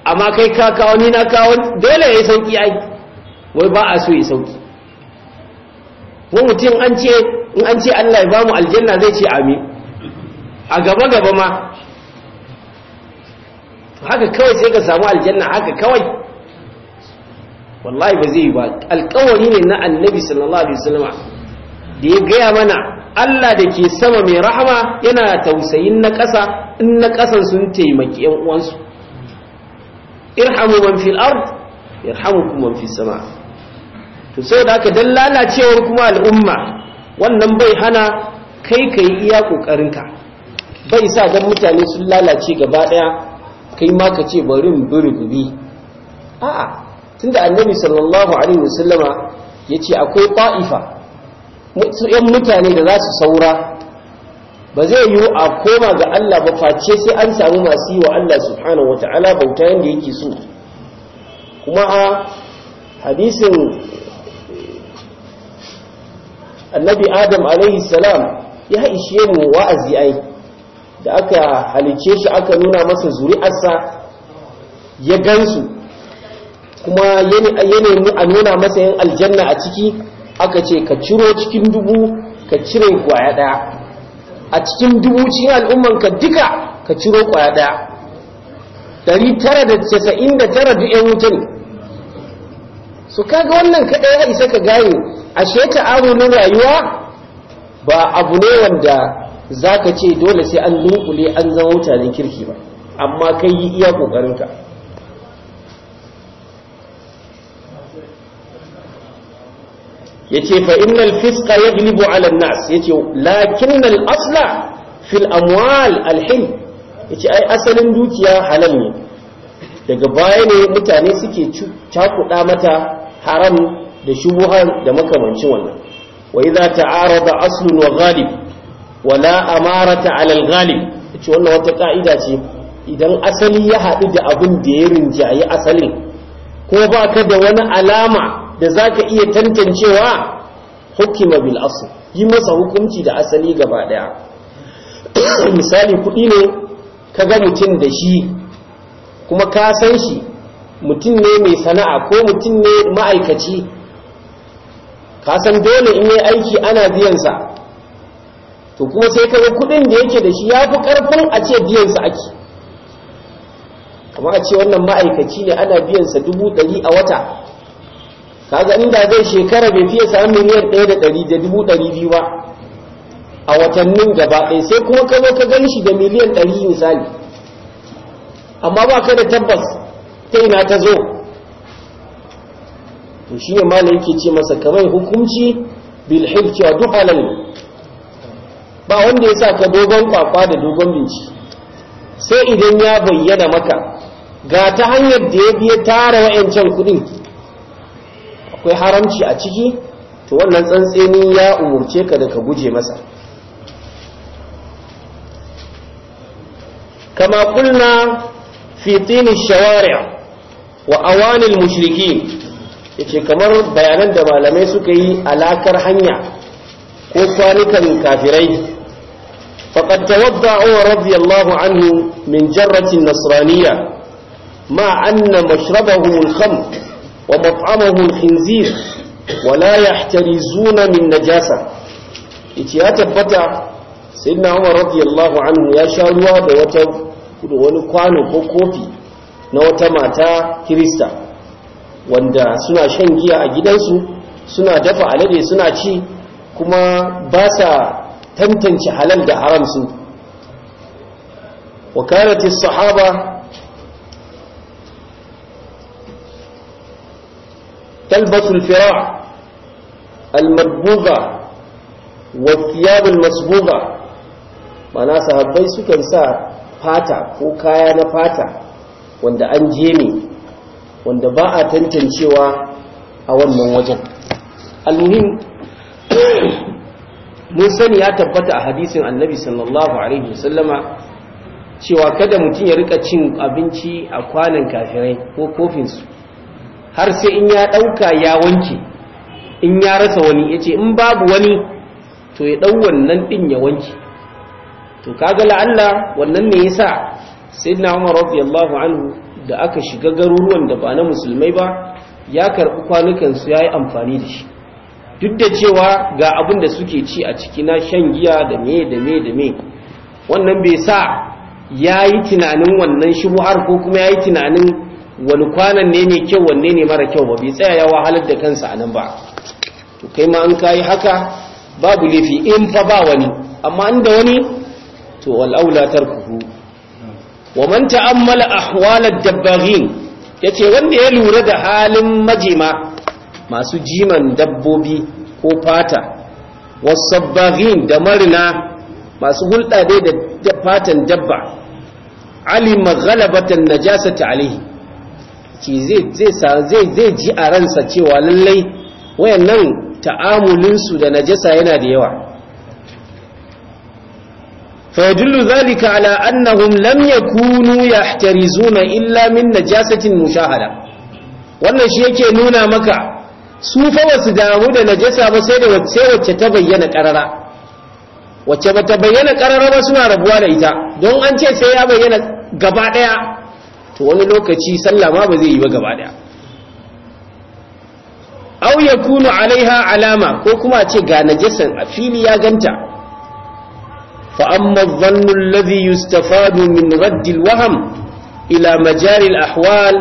amma kai ka kawo ni na kawo dole ya yi sauƙi ai wai ba a so ya sauƙi ko mutum an ce in an ce Allah ya bamu aljanna zai ce amin a gaba gaba ma haka kawai sai ka samu aljanna haka kawai wallahi ba zai yi ba Alƙawari ne na annabi sallallahu alaihi wasallam da ya gaya mana Allah da ke sama mai rahama yana tausayin na ƙasa in na ƙasan sun taimaki yan uwansu irhamu man fil ard yarhamukum man fis sama to saboda haka dan lalacewar kuma al'umma wannan bai hana kai kai iya kokarinka bai sa dan mutane sun lalace gaba daya kai ma ka ce bari in a a a'a tunda annabi sallallahu alaihi wasallama ce akwai ta'ifa yan mutane da za su saura ba zai yi a koma ga Allah ba face sai an samu masu yi wa Allah subhanahu wata'ala bauta yadda yake so kuma a hadisin annabi adam alaihi salam ya ishe mu wa'azi ai da aka halice shi aka nuna masa zuri'arsa ya gansu kuma yanayi a nuna masa yin aljanna a ciki aka ce ka ciro cikin dubu ka cire kwaya daya a cikin dubu cikin al'ummanka duka ka ciro kwaya daya 999 duk 'yan ne. su kaga wannan kaɗai ya isa ka gane ashe na rayuwa ba abu ne wanda za ka ce dole sai an dunkule an zama mutanen kirki ba amma kai yi iya ƙoƙarinka ya ce fa'innal fiska ya gilibu alan nas ya ce lakinnal asla fil amwal alhil ya ce ai asalin dukiya halal ne daga baya ne mutane suke cakuɗa mata haram da shubuhan da makamancin wannan wa iza ta'arada aslun wa ghalib wala amarata alal ghalib ce wannan wata ka'ida ce idan asali ya haɗu da abin da ya rinjayi asalin ko ba ka da wani alama da za ka iya tantancewa hukima bil asl yi masa hukunci da asali gaba ɗaya misali kuɗi ne ka ga mutum da shi kuma ka san shi mutum ne mai sana'a ko mutum ne ma'aikaci ka san dole in yi aiki ana biyansa to kuma sai kaga kuɗin da yake da shi ya fi ƙarfin a ce biyansa ake kuma a ce wannan ma'aikaci ne ana biyansa dubu ɗari a wata kaga inda zai shekara bai fiye samun miliyan ɗaya da ɗari da dubu ɗari biyu ba a watannin gaba ɗaya sai kuma ka zo ka gan shi da miliyan ɗari misali amma ba ka da tabbas ta ina ta zo to shi ne ma yake ce masa kamar hukunci bil duk alal ba wanda ya sa ka dogon kwakwa da dogon binci sai idan ya bayyana maka ga ta hanyar da ya biya tara wa'yancan kudin akwai haramci a ciki to wannan tsantseni ya umurce ka da ka guje masa kama kulna fitini shawari'a wa awanil mushriki yace kamar bayanan da malamai suka yi alakar hanya ko kwanukan kafirai فقد توضع عمر رضي الله عنه من جرة النصرانية مع أن مشربهم الخمر ومطعمه الخنزير ولا يحترزون من نجاسة اتيات البتع سيدنا عمر رضي الله عنه يا شاروها بوتر ونقوانه كوكوفي نوتما تا كريستا wanda suna shan giya a gidansu suna dafa alade suna ci kuma ba sa tantance halal da haram su wakarati sahaba تلبس الفراع المدبوغة والثياب المسبوغة معنى sahabbai sukan sa fata ko kaya na fata wanda an jeme wanda ba a tantancewa a wannan wajen almuhim mun sani ya tabbata a hadisin annabi sallallahu alaihi wasallama cewa kada mutum ya rika cin abinci a kwanan kafirai ko su har sai in ya ɗauka ya wanke in ya rasa wani ya ce in babu wani to ya ɗau wannan ɗin ya wanke to kaga la'alla wannan ne yasa sayyidina umar radiyallahu anhu da aka shiga garuruwan da ba na musulmai ba ya karɓi kwanukansu ya yi amfani da shi duk da cewa ga abin da suke ci a ciki na shan giya da me da me da me wannan bai sa ya yi tunanin wannan shubuhar ko kuma ya yi tunanin wani kwanan ne mai kyau wanne ne mara kyau ba bai tsaya ya wahalar da kansa anan ba to kai ma an kayi haka babu laifi in fa ba wani amma inda wani to wal'aula tarkuhu wa man ta'ammala ahwalad dabbaghin yace wanda ya lura da halin majima masu jiman dabbobi ko fata wasabbaghin da marina masu hulɗa dai da fatan dabba alima ghalabatan najasati alaihi ci zai zai zai ji a ransa cewa lallai wayannan ta'amulin su da najasa yana da yawa فيدل ذلك على أنهم لم يكونوا يحترزون إلا من نجاسة مشاهدة wannan shi yake nuna maka su fa su damu da najasa ba sai da wacce ta bayyana karara wacce ba ta bayyana karara ba suna rabuwa da ita don an ce sai ya bayyana gaba daya to wani lokaci sallah ma ba zai yi ba gaba daya aw yakunu alaiha alama ko kuma a ce ga najasan a fili ya ganta fa amma dhannu alladhi yustafadu min radd alwahm ila majari alahwal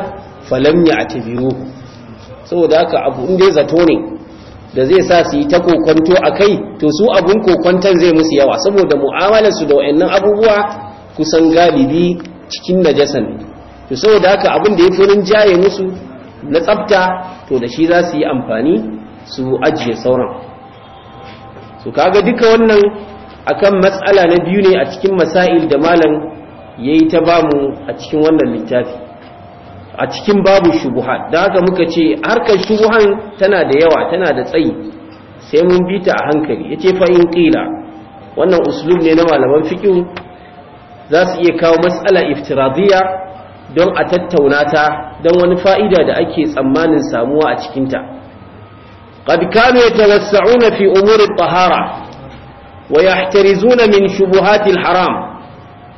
falam ya'tabiruhu saboda haka abu in dai zato ne da zai sa su yi ta kokwanto a kai to su abun kokonton zai musu yawa saboda mu'amalarsu da wa'annan abubuwa kusan galibi cikin najasan to saboda haka abun da ya furin jaye musu na tsafta to da shi za su yi amfani su ajiye sauran su kaga duka wannan akan matsala na biyu ne a cikin masail da malam ya yi ta bamu a cikin wannan littafi a cikin babu shubuhat da haka muka ce harkar shubuhan tana da yawa tana da tsayi sai mun bi ta a hankali yace fa in qila wannan uslub ne na malaman fiqh za su iya kawo mas'ala iftiradiyya don a tattauna ta don wani fa'ida da ake tsammanin samuwa a cikin ta qad kanu yatawassa'una fi umuri tahara wa yahtarizuna min shubuhatil haram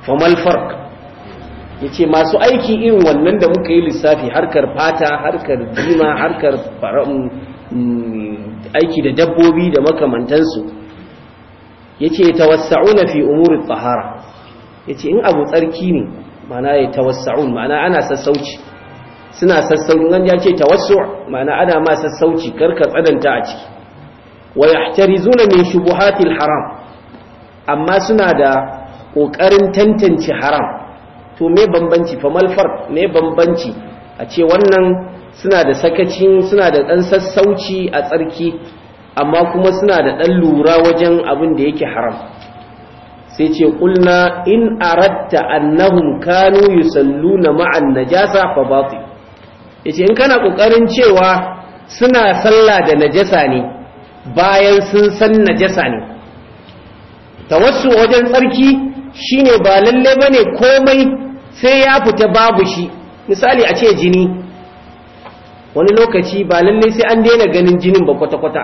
famal farq ya ce masu aiki irin wannan da muka yi lissafi harkar fata harkar jima harkar mm, mm, aiki da dabbobi da makamantansu ya ce tawassa'una fi umurin tsahara ya ce in abu tsarki ne mana ya tawassa'un mana ana sassauci suna sassauci nan ya ce tawassu' mana ana ma sassauci karka tsananta a ciki wa yahtarizuna min shubuhatil haram amma suna da ƙoƙarin tantance haram to me bambanci famal far me bambanci a ce wannan suna da sakaci suna da dan sassauci a tsarki amma kuma suna da dan lura wajen abin da yake haram sai ce kulna in aratta annahum kanu yusalluna ma'an najasa fa batil yace in kana kokarin cewa suna sallah da najasa ne bayan sun san najasa ne tawassu wajen tsarki shine ba lalle bane komai sai ya fita babu shi misali a ce jini wani lokaci ba lallai sai an daina ganin jinin ba kwata-kwata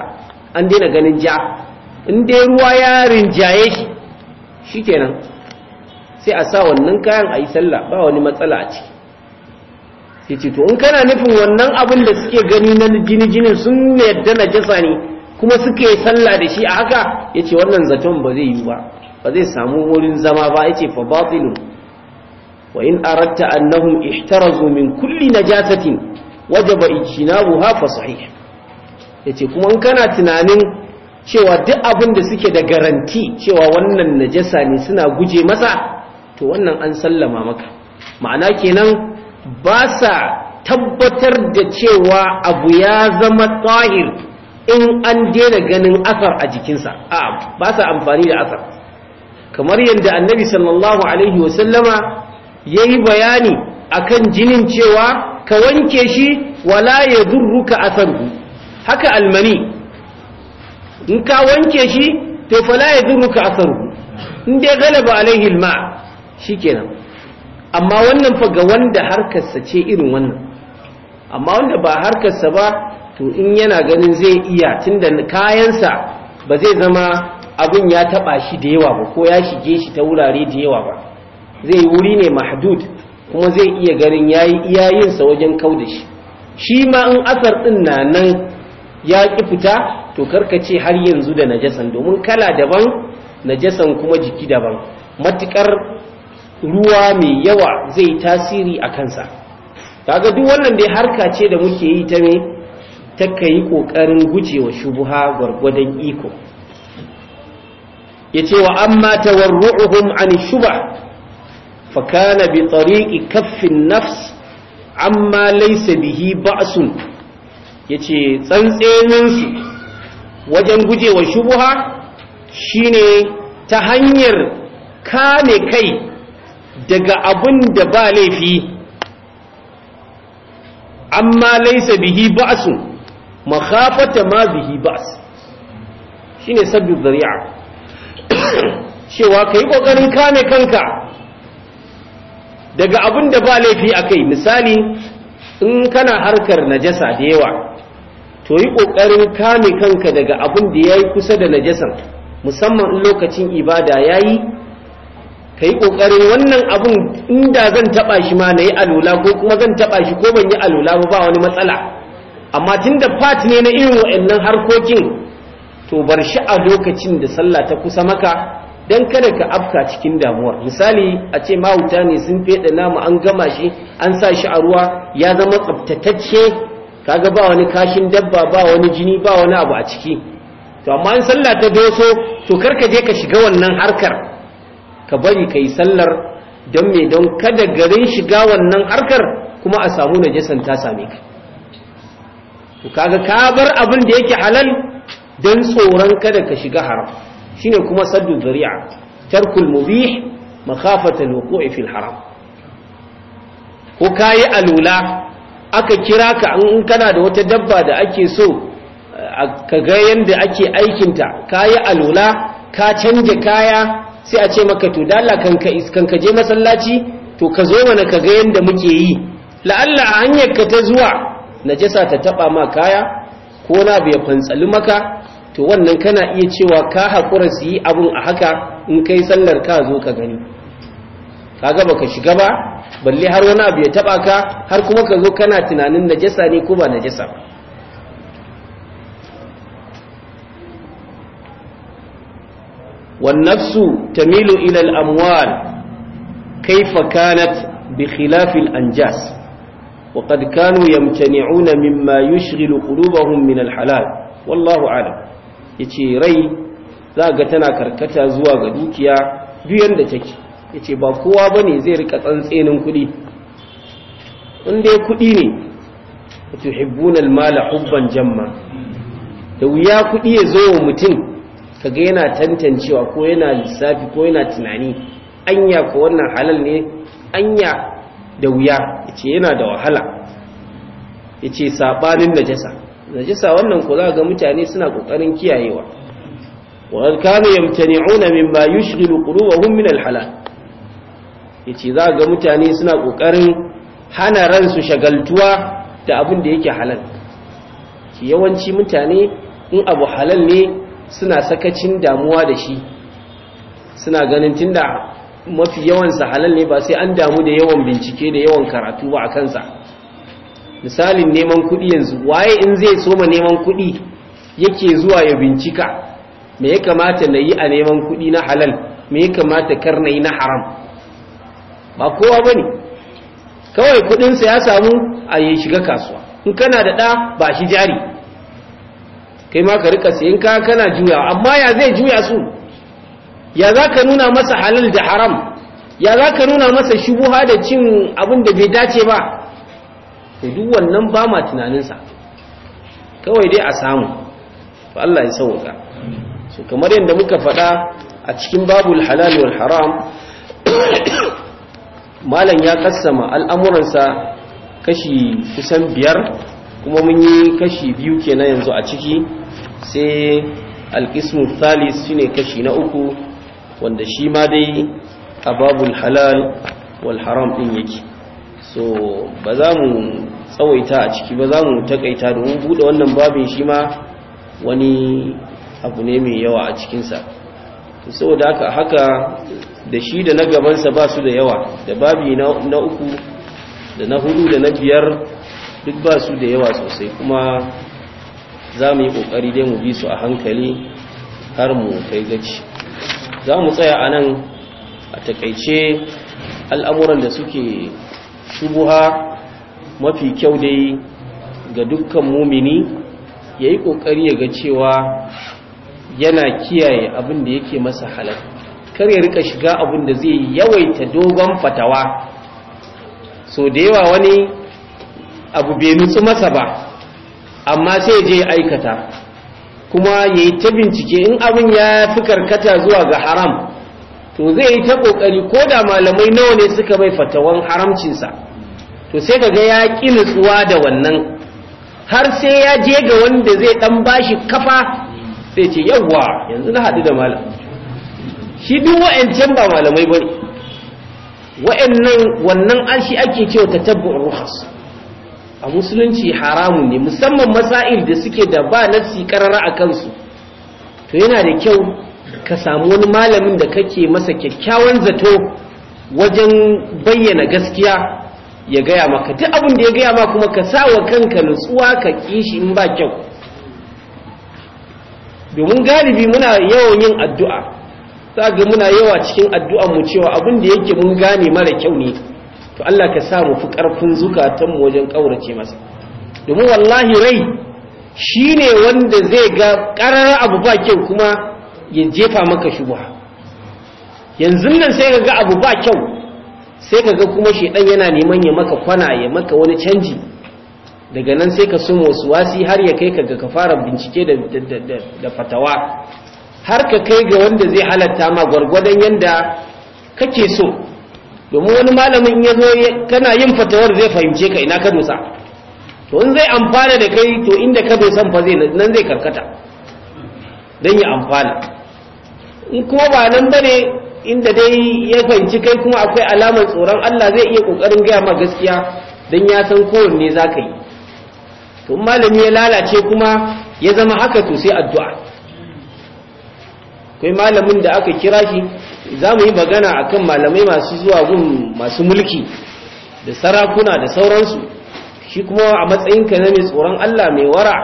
an daina ganin ja in dai ruwa ya rinjaye shi shi kenan sai a sa wannan kayan a yi sallah ba wani matsala a ciki sai ce to in kana nufin wannan abin da suke gani na jini-jinin sun yadda na jasa ne kuma suke sallah da shi a haka ya ce wannan zaton ba zai yi ba ba zai samu wurin zama ba ya ce fa batilun wa in aratta annahum ihtarazu min kulli najasatin wajaba ijtinabuha fa sahih yace kuma in kana tunanin cewa duk abin da suke da garanti cewa wannan najasa ne suna guje masa to wannan an sallama maka ma'ana kenan ba sa tabbatar da cewa abu ya zama tsahir in an daina ganin asar a jikinsa a ba sa amfani da asar kamar yadda annabi sallallahu alaihi wasallama Yayi bayani akan jinin cewa ka wanke shi wala ya durruka asarhu haka almani in ka wanke shi to fala ya durruka asarhu in dai galaba alaihi alma shikenan amma wannan fa ga wanda harkarsa ce irin wannan amma wanda ba harkarsa ba to in yana ganin zai iya tunda kayansa ba zai zama abin ya taba shi da yawa ba ko ya shige shi ta wurare da yawa ba zai yi wuri ne mahdud kuma zai iya ganin yayi iyayinsa wajen kauda shi shi ma in asar din na nan ya ki fita to karkace har yanzu da najasan domin kala daban najasan kuma jiki daban matukar ruwa mai yawa zai tasiri a kansa kaga duk wannan dai harka ce da muke yi ta me ta kai kokarin gujewa shubuha gwargwadon iko yace wa amma tawarru'uhum an shubha fakana bi kafin kaffin nafs amma laysa bihi yace tsantsenin su wajen gujewa shubha shine ta hanyar kane kai daga abin da ba laifi amma laisa bihi ba'sun makhafata ma bihi ba's shine sabbi dhari'a cewa kai kokarin kane kanka daga abin da ba laifi a kai misali in kana harkar najasa da yawa to yi ƙoƙarin kame kanka daga abin da ya yi kusa da najasan musamman in lokacin ibada ya yi ka yi ƙoƙarin wannan abin inda zan taɓa shi ma na yi alula ko kuma zan taɓa shi ko ban yi alula ba wani matsala amma tun da fat ne na irin wa'annan harkokin to bar shi a lokacin da sallah ta kusa maka don kada ka afka cikin damuwar misali a ce mahauta ne sun feɗa nama an gama shi an sa shi a ruwa ya zama tsabtatacce kaga ba wani kashin dabba ba wani jini ba wani abu a ciki to amma an sallah ta doso to ka je ka shiga wannan harkar ka bari ka yi sallar don me don kada garin shiga wannan harkar kuma a samu najasan ta same ka to kaga ka bar abin da yake halal don tsoron kada ka shiga haram shine kuma saddu zari'a tarkul mubih makhafata alwuqu'i fil haram ko kayi alula aka kira ka in kana da wata dabba da ake so ka ga yanda ake ta kayi alula ka canje kaya sai a ce maka to dalla kanka iskanka je masallaci to ka zo mana ka ga yanda muke yi la'alla a hanyar ka ta zuwa najasa ta taba ma kaya ko na bai fantsali maka to wannan kana iya cewa ka haƙura su yi abun a haka in kai sallar ka zo ka gani ka gaba ka shiga ba balle har wani abu ya taɓa ka har kuma ka zo kana tunanin najasa ne ko ba najasa ba والنفس تميل إلى الأموال كيف كانت بخلاف الأنجاس وقد كانوا يمتنعون مما يشغل قلوبهم من الحلال والله أعلم yace rai za ga tana karkata zuwa ga dukiya duk yanda take yace ba kowa ba ne zai rika tsantsenin kuɗi inda dai kuɗi ne tuhibbuna almala hubban jamma da wuya kuɗi ya zo wa mutum ka ga yana tantancewa ko yana lissafi ko yana tunani anya ko wannan halal ne anya da wuya yace yana da wahala yace sabanin najasa najisa wannan ku za ga mutane suna kokarin kiyayewa wa kanu yamtani'una mimma yushghilu quluwahum min al-halal yace za ga mutane suna kokarin hana ransu shagaltuwa da abin da yake halal yawanci mutane in abu halal ne suna sakacin damuwa da shi suna ganin tunda mafi yawansa halal ne ba sai an damu da yawan bincike da yawan karatu ba a kansa misalin neman kuɗi yanzu waye in zai soma neman kuɗi yake zuwa ya bincika me ya kamata na yi a neman kuɗi na halal me ya kamata kar na yi na haram ba kowa ba ne kawai kuɗinsa ya samu a yi shiga kasuwa in kana da ɗa ba shi jari kai ma ka rika sayan ka kana juya amma ya zai juya su ya za ka nuna masa halal da haram ya za ka nuna masa shubuha da cin abin da bai dace ba to duk wannan ba ma tunaninsa kawai dai a samu fa Allah ya sauka so kamar yadda muka faɗa a cikin babul halal wal haram malam ya kassama al'amuransa kashi kusan biyar kuma mun yi kashi biyu kenan yanzu a ciki sai alkismu thalis shine kashi na uku wanda shi ma dai a babul halal wal haram ɗin yake so ba za mu tsawaita a ciki ba za mu takaita domin buɗe wannan babin shi ma wani abu ne mai yawa a cikinsa saboda haka haka da shi da na gabansa ba su da yawa da babi na uku da na hudu da na biyar duk ba su da yawa sosai kuma za mu yi ƙoƙari dai mu bi su a hankali har mu kai gaci za mu tsaya a nan a takaice al'amuran da suke shubuha mafi kyau dai ga dukkan mumini ya yi ƙoƙari ya ga cewa yana kiyaye abin da yake masa halar kar ya rika shiga abin da zai yawaita dogon fatawa so da yawa wani abu bai nutsu masa ba amma sai je aikata kuma ya yi ta bincike in abin ya fi karkata zuwa ga haram to zai yi ta ƙoƙari ko da malamai nawa ne suka bai fatawan haramcinsa to sai ka ga ya ƙi nutsuwa da wannan har sai ya je ga wanda zai ɗan bashi kafa sai ce yawwa yanzu na haɗu da malam shi duk wa'ancan ba malamai ba ne wa'annan wannan arshi ake cewa ta tabbin ruhas a musulunci haramun ne musamman masa'il da suke da ba nafsi karara a kansu to yana da kyau ka samu wani malamin da kake masa kyakkyawan zato wajen bayyana gaskiya ya gaya maka duk abin da ya gaya maka kuma ka sa wa kanka nutsuwa ka kishi in ba kyau domin galibi muna yawan yin addu'a za ga muna yawa cikin mu cewa abin da yake mun gane mara kyau ne to Allah ka sa mu fi ƙarfin zukatanmu wajen ƙaurace masa domin wallahi rai shi ne wanda zai ga ƙarar abu ba kyau kuma ya jefa maka shubuha yanzu nan sai ka ga abu ba kyau sai ka ga kuma ɗan yana neman ya maka kwana ya maka wani canji daga nan sai ka sumo wasu wasi har ya kai ka ga ka fara bincike da fatawa har ka kai ga wanda zai halatta ma gwargwadon yanda kake so domin wani malamin ya zo kana yin fatawar zai fahimce ka ina ka dosa to in zai amfana da kai to inda ka dosan fa zai nan zai karkata don ya amfana in kuma ba nan bane inda dai ya fahimci kai kuma akwai alamar tsoron Allah zai iya kokarin gaya ma gaskiya don ya san kowanne za ka yi to malami ya lalace kuma ya zama haka to sai addu'a kai malamin da aka kira shi za mu yi magana akan malamai masu zuwa gun masu mulki da sarakuna da sauransu shi kuma a matsayinka na mai tsoron Allah mai wara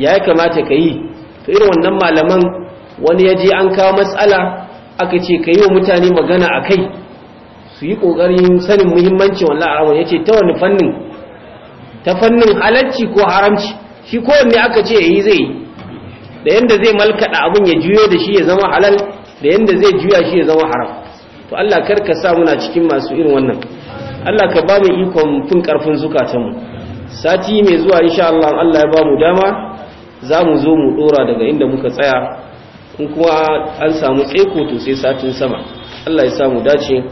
ya kamata ka yi to irin wannan malaman wani ya je an kawo matsala aka ce ka yi wa mutane magana a kai su yi ƙoƙarin sanin muhimmancin wallah haramun ya ce ta wani fannin ta fannin halarci ko haramci shi kowanne aka ce ya yi zai da yadda zai malkaɗa abin ya juyo da shi ya zama halal da yadda zai juya shi ya zama haram to Allah kar ka sa muna cikin masu irin wannan Allah ka ba mu ikon fin ƙarfin zukatanmu sati mai zuwa insha Allah Allah ya ba mu dama za mu zo mu ɗora daga inda muka tsaya in kuma an samu tseko to sai satin sama Allah ya samu dace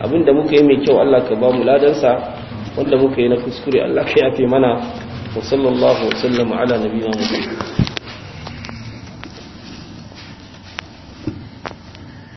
abinda muka yi mai kyau Allah ka ba mu ladansa wanda muka yi na kuskure Allah ka yafe mana wa sallallahu wa sallama ala nabiyina muhammad